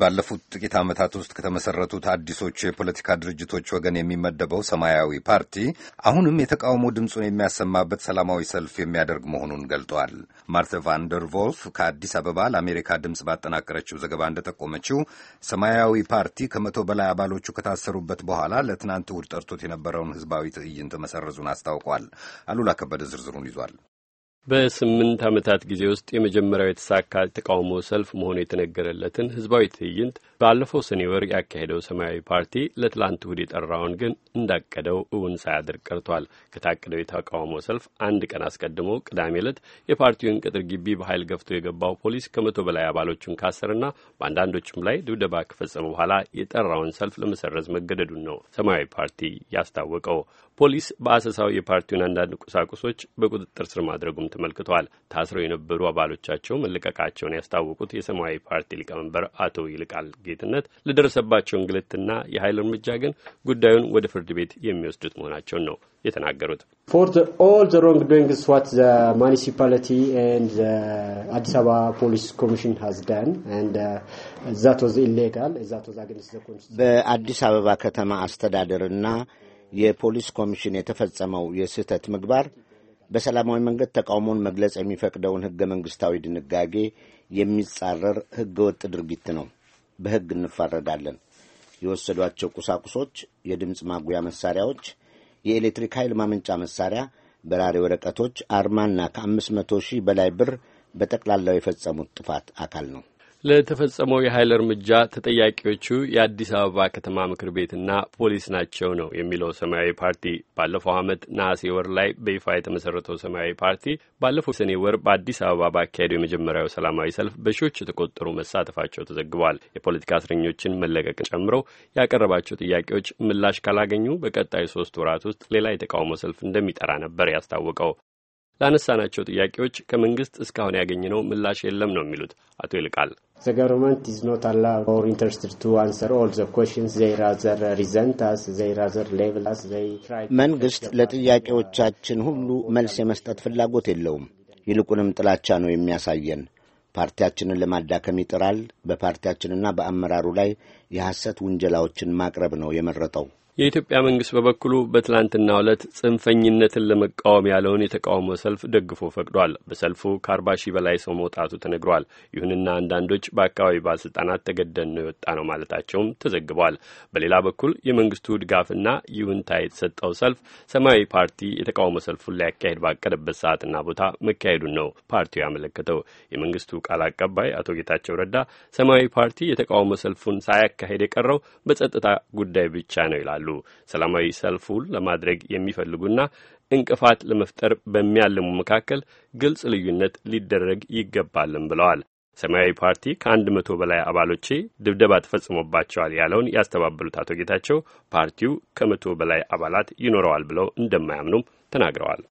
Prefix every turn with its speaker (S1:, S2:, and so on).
S1: ባለፉት ጥቂት ዓመታት ውስጥ ከተመሠረቱት አዲሶቹ የፖለቲካ ድርጅቶች ወገን የሚመደበው ሰማያዊ ፓርቲ አሁንም የተቃውሞ ድምፁን የሚያሰማበት ሰላማዊ ሰልፍ የሚያደርግ መሆኑን ገልጧል። ማርተ ቫንደር ቮልፍ ከአዲስ አበባ ለአሜሪካ ድምፅ ባጠናቀረችው ዘገባ እንደጠቆመችው ሰማያዊ ፓርቲ ከመቶ በላይ አባሎቹ ከታሰሩበት በኋላ ለትናንት እሁድ ጠርቶት የነበረውን
S2: ህዝባዊ ትዕይንት መሰረዙን አስታውቋል። አሉላ ከበደ ዝርዝሩን ይዟል። በስምንት ዓመታት ጊዜ ውስጥ የመጀመሪያው የተሳካ ተቃውሞ ሰልፍ መሆኑ የተነገረለትን ህዝባዊ ትዕይንት ባለፈው ሰኔ ወር ያካሄደው ሰማያዊ ፓርቲ ለትላንት እሁድ የጠራውን ግን እንዳቀደው እውን ሳያደርግ ቀርቷል። ከታቀደው የተቃውሞ ሰልፍ አንድ ቀን አስቀድሞ ቅዳሜ ዕለት የፓርቲውን ቅጥር ግቢ በኃይል ገፍቶ የገባው ፖሊስ ከመቶ በላይ አባሎቹን ካሰርና በአንዳንዶችም ላይ ድብደባ ከፈጸመ በኋላ የጠራውን ሰልፍ ለመሰረዝ መገደዱን ነው ሰማያዊ ፓርቲ ያስታወቀው። ፖሊስ በአሰሳው የፓርቲውን አንዳንድ ቁሳቁሶች በቁጥጥር ስር ማድረጉም ተመልክተዋል። ታስረው የነበሩ አባሎቻቸው መለቀቃቸውን ያስታወቁት የሰማያዊ ፓርቲ ሊቀመንበር አቶ ይልቃል ጌትነት ለደረሰባቸው እንግልትና የኃይል እርምጃ ግን ጉዳዩን ወደ ፍርድ ቤት የሚወስዱት መሆናቸውን ነው የተናገሩት።
S3: አዲስ አበባ ፖሊስ ኮሚሽን
S1: በአዲስ አበባ ከተማ አስተዳደርና የፖሊስ ኮሚሽን የተፈጸመው የስህተት ምግባር በሰላማዊ መንገድ ተቃውሞን መግለጽ የሚፈቅደውን ሕገ መንግሥታዊ ድንጋጌ የሚጻረር ሕገ ወጥ ድርጊት ነው። በሕግ እንፋረዳለን። የወሰዷቸው ቁሳቁሶች፣ የድምፅ ማጉያ መሳሪያዎች፣ የኤሌክትሪክ ኃይል ማመንጫ መሳሪያ፣ በራሪ ወረቀቶች፣ አርማና ከአምስት መቶ ሺህ በላይ ብር በጠቅላላው የፈጸሙት ጥፋት አካል ነው።
S2: ለተፈጸመው የኃይል እርምጃ ተጠያቂዎቹ የአዲስ አበባ ከተማ ምክር ቤትና ፖሊስ ናቸው ነው የሚለው ሰማያዊ ፓርቲ። ባለፈው ዓመት ነሐሴ ወር ላይ በይፋ የተመሰረተው ሰማያዊ ፓርቲ ባለፈው ሰኔ ወር በአዲስ አበባ ባካሄደው የመጀመሪያው ሰላማዊ ሰልፍ በሺዎች የተቆጠሩ መሳተፋቸው ተዘግቧል። የፖለቲካ እስረኞችን መለቀቅን ጨምሮ ያቀረባቸው ጥያቄዎች ምላሽ ካላገኙ በቀጣዩ ሶስት ወራት ውስጥ ሌላ የተቃውሞ ሰልፍ እንደሚጠራ ነበር ያስታወቀው። ላነሳናቸው ጥያቄዎች ከመንግስት እስካሁን ያገኘነው ምላሽ የለም ነው የሚሉት አቶ ይልቃል።
S3: The government is መንግስት ለጥያቄዎቻችን ሁሉ መልስ የመስጠት ፍላጎት የለውም።
S1: ይልቁንም ጥላቻ ነው የሚያሳየን። ፓርቲያችንን ለማዳከም ይጥራል። በፓርቲያችንና በአመራሩ ላይ የሐሰት ውንጀላዎችን ማቅረብ ነው የመረጠው።
S2: የኢትዮጵያ መንግስት በበኩሉ በትላንትና ዕለት ጽንፈኝነትን ለመቃወም ያለውን የተቃውሞ ሰልፍ ደግፎ ፈቅዷል። በሰልፉ ከአርባ ሺህ በላይ ሰው መውጣቱ ተነግሯል። ይሁንና አንዳንዶች በአካባቢ ባለስልጣናት ተገደን ነው የወጣ ነው ማለታቸውም ተዘግቧል። በሌላ በኩል የመንግስቱ ድጋፍና ይሁንታ የተሰጠው ሰልፍ ሰማያዊ ፓርቲ የተቃውሞ ሰልፉን ሊያካሄድ ባቀደበት ሰዓትና ቦታ መካሄዱን ነው ፓርቲው ያመለከተው። የመንግስቱ ቃል አቀባይ አቶ ጌታቸው ረዳ ሰማያዊ ፓርቲ የተቃውሞ ሰልፉን ሳያካሄድ የቀረው በጸጥታ ጉዳይ ብቻ ነው ይላሉ። ሰላማዊ ሰልፉን ለማድረግ የሚፈልጉና እንቅፋት ለመፍጠር በሚያልሙ መካከል ግልጽ ልዩነት ሊደረግ ይገባልም ብለዋል። ሰማያዊ ፓርቲ ከአንድ መቶ በላይ አባሎቼ ድብደባ ተፈጽሞባቸዋል ያለውን ያስተባበሉት አቶ ጌታቸው ፓርቲው ከመቶ በላይ አባላት ይኖረዋል ብለው እንደማያምኑም ተናግረዋል።